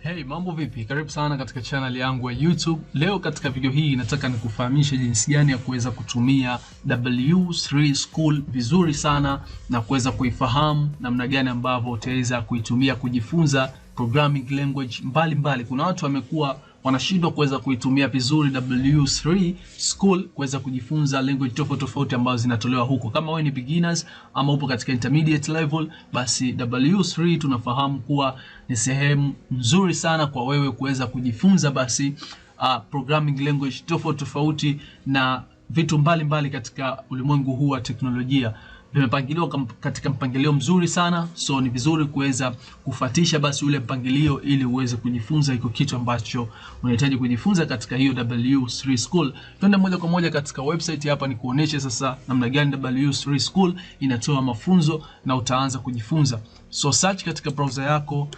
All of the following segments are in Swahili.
Hey, mambo vipi? Karibu sana katika channel yangu ya YouTube. Leo katika video hii nataka nikufahamishe jinsi gani ya kuweza kutumia W3 School vizuri sana na kuweza kuifahamu namna gani ambavyo utaweza kuitumia kujifunza programming language mbalimbali mbali. Kuna watu wamekuwa wanashindwa kuweza kuitumia vizuri W3 School kuweza kujifunza language tofauti tofauti ambazo zinatolewa huko. Kama wewe ni beginners ama upo katika intermediate level, basi W3 tunafahamu kuwa ni sehemu nzuri sana kwa wewe kuweza kujifunza basi uh, programming language tofauti tofauti na vitu mbalimbali mbali katika ulimwengu huu wa teknolojia vimepangiliwa katika mpangilio mzuri sana, so ni vizuri kuweza kufatisha basi ule mpangilio ili uweze kujifunza iko kitu ambacho unahitaji kujifunza katika hiyo W3 School. Twende moja kwa moja katika website hapa, ni kuoneshe sasa namna gani W3 School inatoa mafunzo na utaanza kujifunza. So search katika browser yako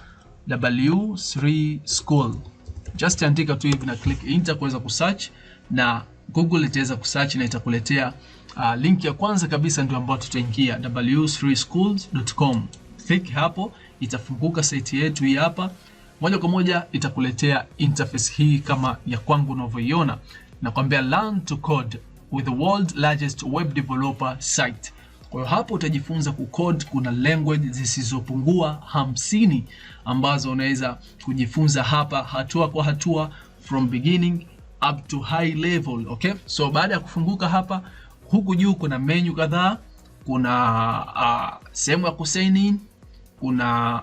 W3 School, just andika tu hivi na click enter kuweza kusearch, na Google itaweza kusearch na itakuletea Uh, link ya kwanza kabisa ndio ambayo tutaingia w3schools.com. Click hapo itafunguka site yetu hii hapa, moja kwa moja itakuletea interface hii kama ya kwangu unavyoiona, nakwambia learn to code with the world largest web developer site. Kwa hiyo hapo utajifunza kucode. Kuna language zisizopungua hamsini ambazo unaweza kujifunza hapa hatua kwa hatua from beginning up to high level, okay? So baada ya kufunguka hapa Huku juu kuna menyu kadhaa, kuna uh, sehemu ya kuseni kuna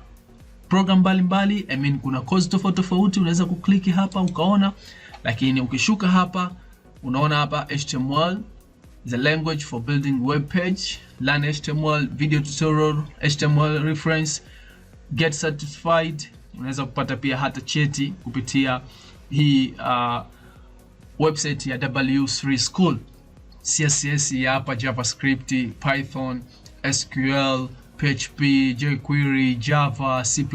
program mbalimbali I mean, kuna course tofauti tofauti unaweza kuklik hapa ukaona, lakini ukishuka hapa unaona hapa HTML the language for building web page, learn HTML, video tutorial, HTML reference, get certified. Unaweza kupata pia hata cheti kupitia hii uh, website ya W3 School. CSS hapa, JavaScript, Python, SQL, PHP, jQuery, Java, C++.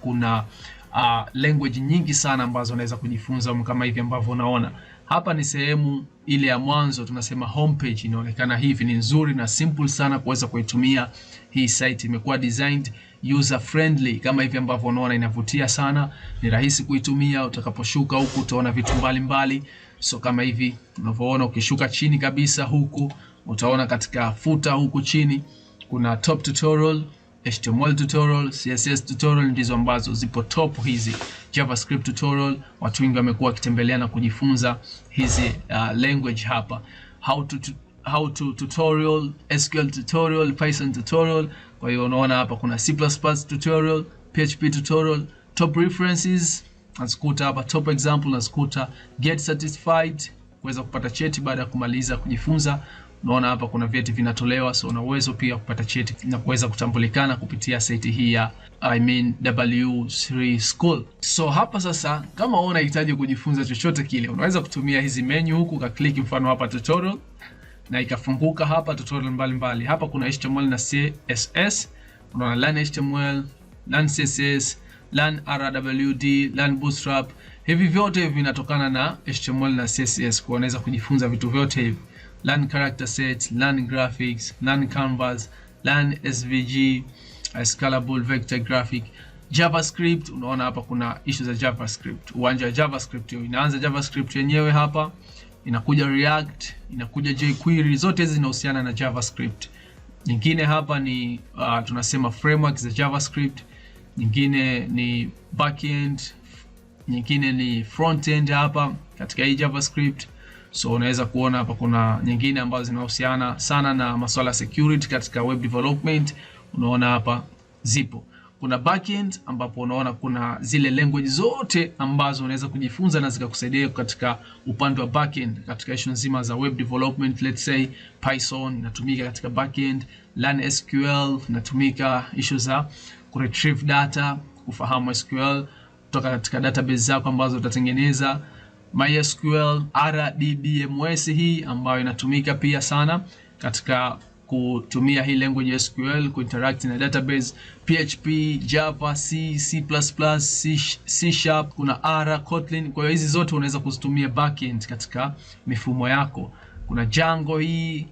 Kuna uh, language nyingi sana ambazo unaweza kujifunza kama hivi ambavyo unaona hapa. Ni sehemu ile ya mwanzo, tunasema homepage inaonekana hivi. Ni nzuri na simple sana kuweza kuitumia hii site, imekuwa designed user friendly kama hivi ambavyo unaona, inavutia sana, ni rahisi kuitumia. Utakaposhuka huku utaona vitu mbalimbali mbali. So kama hivi unavyoona, ukishuka chini kabisa huku utaona katika futa huku chini kuna top tutorial, HTML tutorial, CSS tutorial ndizo ambazo zipo top hizi. JavaScript tutorial, watu wengi wamekuwa wakitembelea na kujifunza hizi uh, language hapa how to, to how to tutorial, SQL tutorial, Python tutorial. Kwa hiyo unaona hapa kuna C++ tutorial, PHP tutorial, top references nazikuta hapa top example, nazikuta get satisfied, kuweza kupata cheti baada ya kumaliza kujifunza. Unaona hapa kuna vyeti vinatolewa, so una uwezo pia kupata cheti na kuweza kutambulikana kupitia site hii ya I mean W3 School. So hapa sasa, kama wewe unahitaji kujifunza chochote kile, unaweza kutumia hizi menu huku, ka click mfano hapa tutorial, na ikafunguka hapa tutorial mbalimbali. Hapa kuna HTML na CSS, unaona learn HTML, learn CSS learn rwd learn bootstrap hivi vyote vinatokana na html na css kwa unaweza kujifunza vitu vyote hivi learn character set learn graphics learn canvas learn svg scalable vector graphic javascript unaona hapa kuna issue za javascript uwanja wa javascript hiyo inaanza javascript yenyewe hapa inakuja react inakuja jquery zote hizi zinahusiana na javascript nyingine hapa ni uh, tunasema framework za javascript nyingine ni backend, nyingine ni frontend hapa katika hii JavaScript. So unaweza kuona hapa kuna nyingine ambazo zinahusiana sana na masuala ya security katika web development, unaona hapa zipo kuna backend ambapo unaona kuna zile language zote ambazo unaweza kujifunza na zikakusaidia katika upande wa backend katika issue nzima za web development. Let's say Python inatumika katika backend, Learn SQL inatumika issue za retrieve data, kufahamu SQL kutoka katika database zako ambazo utatengeneza, MySQL, RDBMS hii ambayo inatumika pia sana katika kutumia hii language SQL kuinteract na database, PHP, Java, C, C++, C, C kuna R, Kotlin. Kwa hiyo hizi zote unaweza kuzitumia backend katika mifumo yako. Kuna Django hii,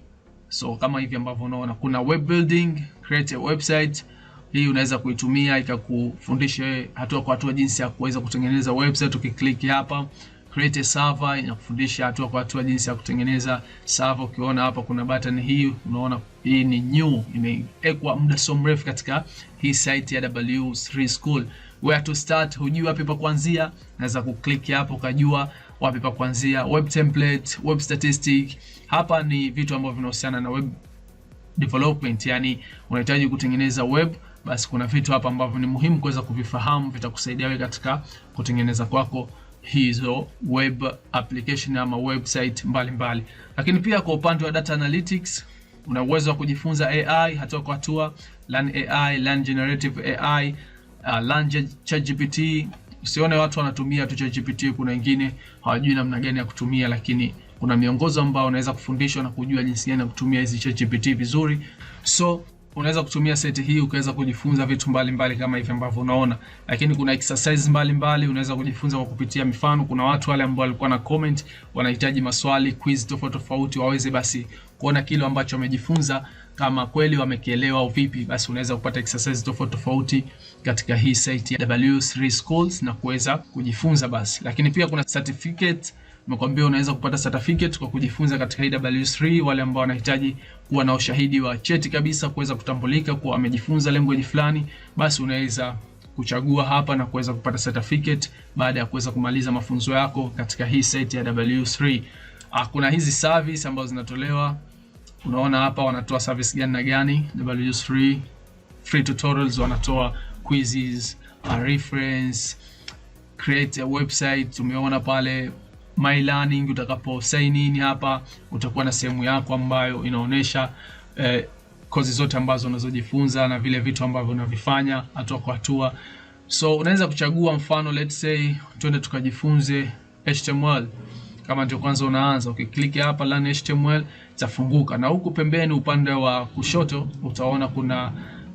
so kama hivi ambavyo unaona, kuna web building, create a website hii unaweza kuitumia ikakufundisha hatua kwa hatua jinsi ya kuweza kutengeneza website. Ukiklik hapa create a server inakufundisha hatua kwa hatua jinsi ya kutengeneza server. Ukiona hapa kuna button hii, unaona hii ni new, imewekwa muda so mrefu katika hii site ya W3 School. Where to start, hujui wapi pa kuanzia, naweza kuklik hapo ukajua wapi pa kuanzia. Web template, web statistic, hapa ni vitu ambavyo vinahusiana na web development, yani unahitaji kutengeneza web basi kuna vitu hapa ambavyo ni muhimu kuweza kuvifahamu, vitakusaidia wewe katika kutengeneza kwako hizo web application ama website mbalimbali mbali. Lakini pia kwa upande wa data analytics una uwezo wa kujifunza AI hatua kwa hatua, learn AI, learn generative AI, uh, learn ChatGPT. Usione watu wanatumia tu ChatGPT, kuna wengine hawajui namna gani ya kutumia, lakini kuna miongozo ambayo unaweza kufundishwa na kujua jinsi gani ya kutumia hizi ChatGPT vizuri so unaweza kutumia seti hii ukaweza kujifunza vitu mbalimbali kama hivi ambavyo unaona, lakini kuna exercise mbalimbali unaweza kujifunza kwa kupitia mifano. Kuna watu wale ambao walikuwa na comment wanahitaji maswali quiz tofauti tofauti, waweze basi kuona kile ambacho wamejifunza kama kweli wamekielewa au vipi, basi unaweza kupata exercise tofauti tofauti katika hii site ya W3Schools na kuweza kujifunza basi, lakini pia kuna certificate Nimekwambia unaweza kupata certificate kwa kujifunza katika EW3, wale ambao wanahitaji kuwa na ushahidi wa cheti kabisa kuweza kutambulika kuwa amejifunza language fulani, basi unaweza kuchagua hapa na kuweza kupata certificate baada ya kuweza kumaliza mafunzo yako katika hii site ya W3. Ah, kuna hizi service ambazo zinatolewa, unaona hapa wanatoa service gani na gani. W3 free tutorials, wanatoa quizzes, a reference, create a website, umeona pale My Learning. Utakapo sign in hapa, utakuwa na sehemu yako ambayo inaonyesha eh, kozi zote ambazo unazojifunza na vile vitu ambavyo unavifanya hatua kwa hatua. So unaweza kuchagua mfano, let's say twende tukajifunze HTML kama ndio kwanza unaanza. Ukiklik okay, hapa learn HTML itafunguka, na huku pembeni upande wa kushoto utaona kuna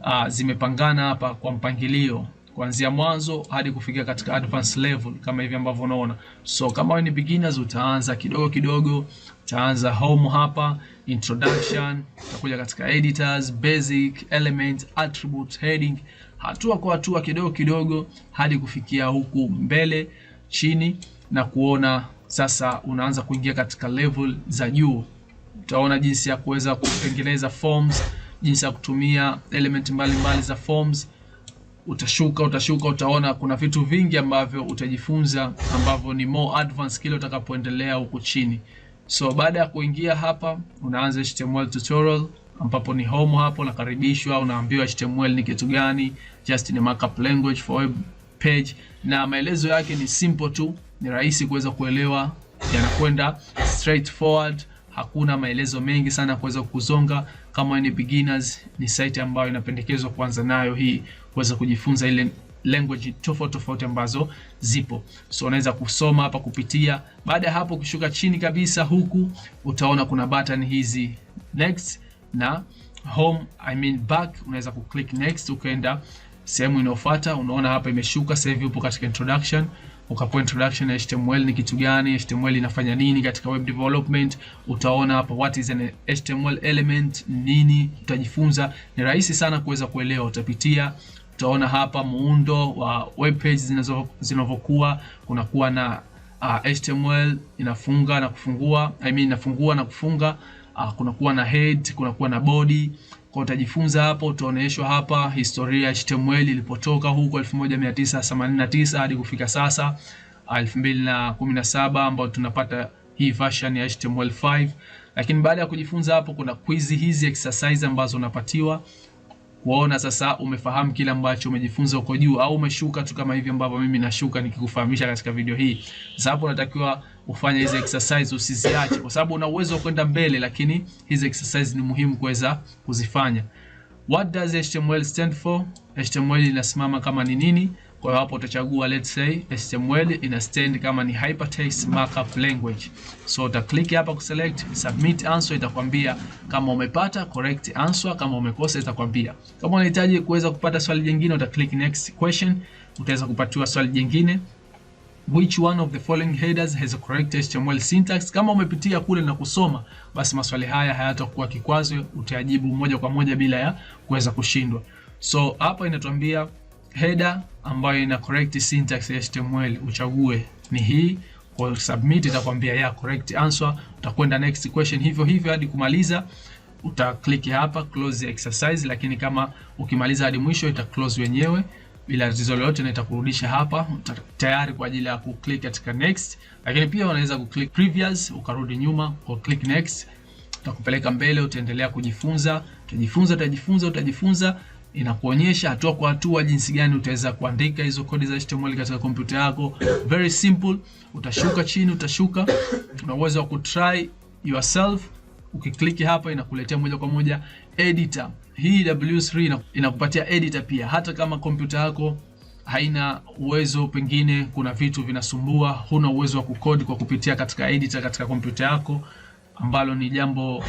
uh, zimepangana hapa kwa mpangilio kuanzia mwanzo hadi kufikia katika advanced level kama hivi ambavyo unaona. So kama wewe ni beginners utaanza kidogo kidogo, utaanza home hapa, introduction, utakuja katika editors, basic, element, attribute, heading, hatua kwa hatua kidogo kidogo hadi kufikia huku mbele chini na kuona sasa unaanza kuingia katika level za juu. Utaona jinsi ya kuweza kutengeneza forms, jinsi ya kutumia element mbalimbali mbali za forms utashuka utashuka, utaona kuna vitu vingi ambavyo utajifunza ambavyo ni more advanced kile utakapoendelea huku chini. So baada ya kuingia hapa, unaanza HTML tutorial ambapo ni home. Hapo unakaribishwa, unaambiwa HTML ni kitu gani, just ni markup language for web page, na maelezo yake ni simple tu, ni rahisi kuweza kuelewa, yanakwenda straightforward, hakuna maelezo mengi sana kuweza kuzonga. Kama ni beginners, ni site ambayo inapendekezwa kuanza nayo hii kuweza kujifunza ile language tofauti tofauti ambazo zipo. So unaweza kusoma hapa kupitia. Baada ya hapo, ukishuka chini kabisa huku utaona kuna button hizi next na home, I mean back. Unaweza kuclick next, ukaenda sehemu inayofuata. Unaona hapa imeshuka sasa hivi, upo katika introduction ukapo introduction ya HTML ni kitu gani, HTML inafanya nini katika web development. Utaona hapa what is an HTML element, nini utajifunza. Ni rahisi sana kuweza kuelewa, utapitia utaona hapa muundo wa web page zinavyokuwa, kunakuwa na uh, HTML inafunga na kufungua, I mean inafungua na kufunga uh, kunakuwa na head, kunakuwa na body kwa utajifunza hapo utaonyeshwa hapa historia ya HTML ilipotoka huko 1989 hadi kufika sasa 2017 ah, ambao tunapata hii version ya HTML5. Lakini baada ya kujifunza hapo, kuna quiz hizi exercise ambazo unapatiwa waona sasa umefahamu kile ambacho umejifunza uko juu, au umeshuka tu kama hivi ambavyo mimi nashuka nikikufahamisha katika video hii. Sasa hapo unatakiwa ufanye hizi exercise, usiziache, kwa sababu una uwezo wa kwenda mbele, lakini hizi exercise ni muhimu kuweza kuzifanya. What does HTML stand for? HTML inasimama kama ni nini? Kwa hiyo hapo utachagua let's say HTML ina stand kama ni hypertext markup language. So uta click hapa ku select submit answer, itakwambia kama umepata correct answer, kama umekosa itakwambia. Kama unahitaji kuweza kupata swali jingine uta click next question, utaweza kupatiwa swali jingine which one of the following headers has a correct HTML syntax. Kama umepitia kule na kusoma, basi maswali haya hayatakuwa kikwazo, utayajibu moja kwa moja bila ya kuweza kushindwa. So hapa inatuambia header ambayo ina correct syntax ya HTML uchague ni hii. Kwa submit itakwambia ya correct answer, utakwenda next question hivyo hivyo hadi kumaliza. Uta click hapa close the exercise, lakini kama ukimaliza hadi mwisho ita close wenyewe bila tatizo lolote, na itakurudisha hapa tayari kwa ajili ya ku click katika next. Lakini pia unaweza ku click previous ukarudi nyuma kwa click next, utakupeleka mbele, utaendelea kujifunza, utajifunza, utajifunza, utajifunza inakuonyesha hatua kwa hatua jinsi gani utaweza kuandika hizo kodi za HTML katika kompyuta yako. Very simple, utashuka chini, utashuka, una uwezo wa kutry yourself. Ukikliki hapa inakuletea moja kwa moja editor. Hii W3 inakupatia editor pia, hata kama kompyuta yako haina uwezo, pengine kuna vitu vinasumbua, huna uwezo wa kukodi kwa kupitia katika editor katika kompyuta yako, ambalo ni jambo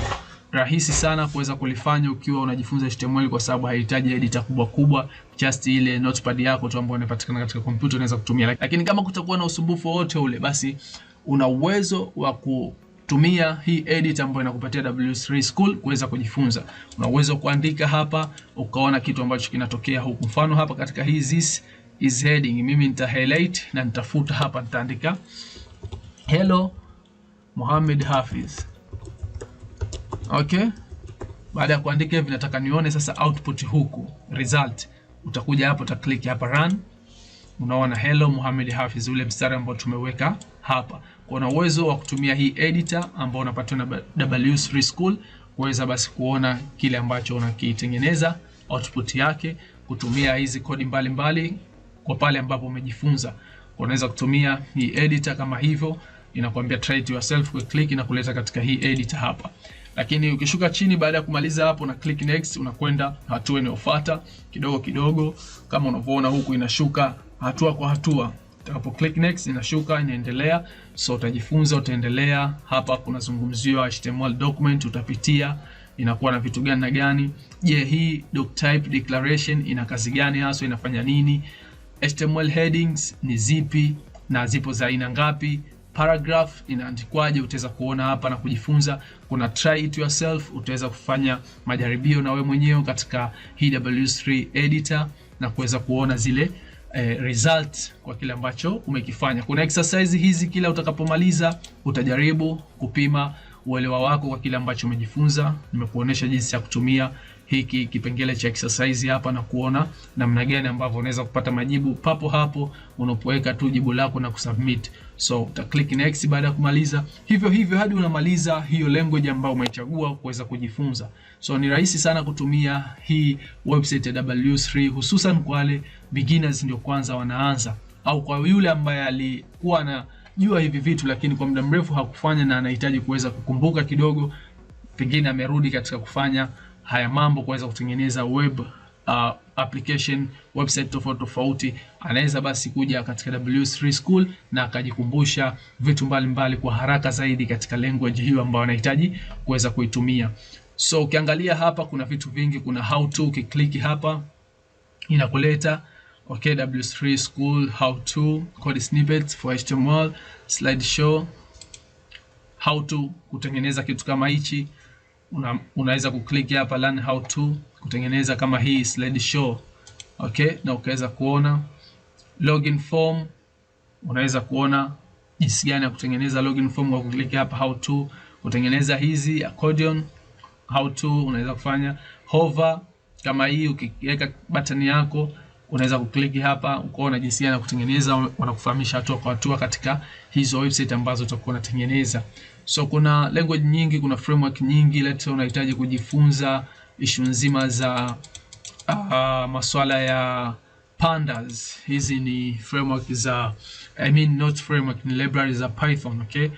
rahisi sana kuweza kulifanya ukiwa unajifunza HTML kwa sababu haihitaji editor kubwa kubwa, just ile notepad yako tu ambayo inapatikana katika kompyuta unaweza kutumia. Lakini kama kutakuwa na usumbufu wowote ule, basi una uwezo wa kutumia hii edit ambayo inakupatia W3 School kuweza kujifunza. Una uwezo kuandika hapa ukaona kitu ambacho kinatokea huku. Mfano hapa katika hii this is heading, mimi nita highlight na nitafuta hapa, nitaandika hello Mohamed Hafiz Okay? Baada ya kuandika hivi nataka nione sasa output huku, result. Utakuja hapo uta click hapa run. Unaona hello Mohamed Hafiz, ule mstari ambao tumeweka hapa. Kwa Kuna uwezo wa kutumia hii editor ambao unapatiwa na W3 School kuweza basi kuona kile ambacho unakitengeneza output yake kutumia hizi kodi mbalimbali mbali, kwa pale ambapo umejifunza unaweza kutumia hii editor kama hivyo, inakuambia try it yourself, kwa click na kuleta katika hii editor hapa. Lakini ukishuka chini baada ya kumaliza hapo na click next, unakwenda hatua inayofuata kidogo kidogo, kama unavyoona huku inashuka hatua kwa hatua. Utakapo click next inashuka inaendelea. So utajifunza, utaendelea. Hapa kunazungumziwa HTML document, utapitia inakuwa na vitu gani na gani. Je, hii doctype declaration ina kazi gani hasa, inafanya nini? HTML headings ni zipi na zipo za aina ngapi? paragraph inaandikwaje utaweza kuona hapa na kujifunza. Kuna try it yourself, utaweza kufanya majaribio na we mwenyewe katika hw e 3 editor na kuweza kuona zile eh, result kwa kile ambacho umekifanya. Kuna exercise hizi, kila utakapomaliza utajaribu kupima uelewa wako kwa kile ambacho umejifunza. Nimekuonesha jinsi ya kutumia hiki kipengele cha exercise hapa na kuona namna gani ambavyo unaweza kupata majibu papo hapo unapoweka tu jibu lako na kusubmit. So uta click next baada ya kumaliza hivyo hivyo hadi unamaliza hiyo language ambayo umechagua kuweza kujifunza. So ni rahisi sana kutumia hii website ya W3 hususan kwa wale beginners ndio kwanza wanaanza au kwa yule ambaye alikuwa na jua hivi vitu lakini kwa muda mrefu hakufanya na anahitaji kuweza kukumbuka kidogo, pengine amerudi katika kufanya haya mambo kuweza kutengeneza web uh, application website tofauti tofauti, anaweza basi kuja katika W3 School na akajikumbusha vitu mbalimbali mbali kwa haraka zaidi katika language hiyo ambayo anahitaji kuweza kuitumia. So ukiangalia hapa kuna vitu vingi, kuna how to, ukiklik hapa inakuleta okay, W3 School how to code snippets for HTML slideshow, how to kutengeneza kitu kama hichi una, unaweza kuklik hapa learn how to kutengeneza kama hii slide show okay, na ukaweza kuona login form. Unaweza kuona jinsi gani ya kutengeneza login form kwa kuklik hapa how to kutengeneza hizi accordion how to unaweza kufanya hover kama hii, ukiweka button yako unaweza kuklik hapa ukaona jinsi gani ya kutengeneza. Wanakufahamisha hatua kwa hatua katika hizo website ambazo utakuwa unatengeneza. So kuna language nyingi, kuna framework nyingi. Let's say unahitaji kujifunza ishu nzima za uh, masuala ya pandas. Hizi ni framework za I mean not framework, ni library za Python, okay?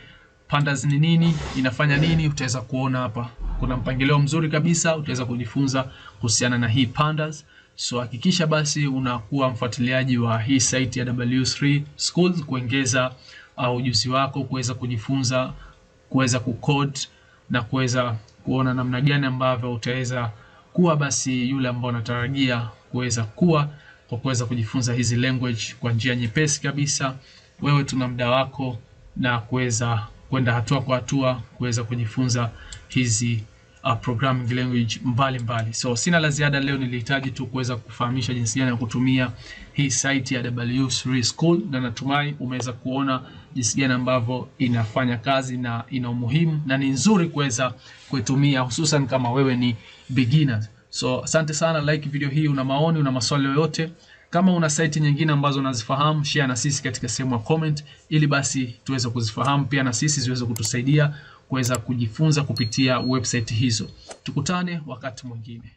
Pandas ni nini, inafanya nini, utaweza kuona hapa. Kuna mpangilio mzuri kabisa utaweza kujifunza kuhusiana na hii pandas. So hakikisha basi unakuwa mfuatiliaji wa hii site ya W3 Schools kuongeza uh, ujuzi wako kuweza kujifunza kuweza kucode na kuweza kuona namna gani ambavyo utaweza kuwa basi yule ambao unatarajia kuweza kuwa kwa kuweza kujifunza hizi language kwa njia nyepesi kabisa. Wewe tuna muda wako na kuweza kwenda hatua kwa hatua kuweza kujifunza hizi uh, programming language mbalimbali mbali. So sina la ziada leo, nilihitaji tu kuweza kufahamisha jinsi gani ya kutumia hii site ya W3 School, na natumai umeweza kuona jinsi gani ambavyo inafanya kazi na ina umuhimu na ni nzuri kuweza kuitumia hususan kama wewe ni beginner. So asante sana, like video hii. Una maoni, una maswali yoyote, kama una site nyingine ambazo unazifahamu, share na sisi katika sehemu ya comment, ili basi tuweze kuzifahamu pia na sisi ziweze kutusaidia kuweza kujifunza kupitia website hizo. Tukutane wakati mwingine.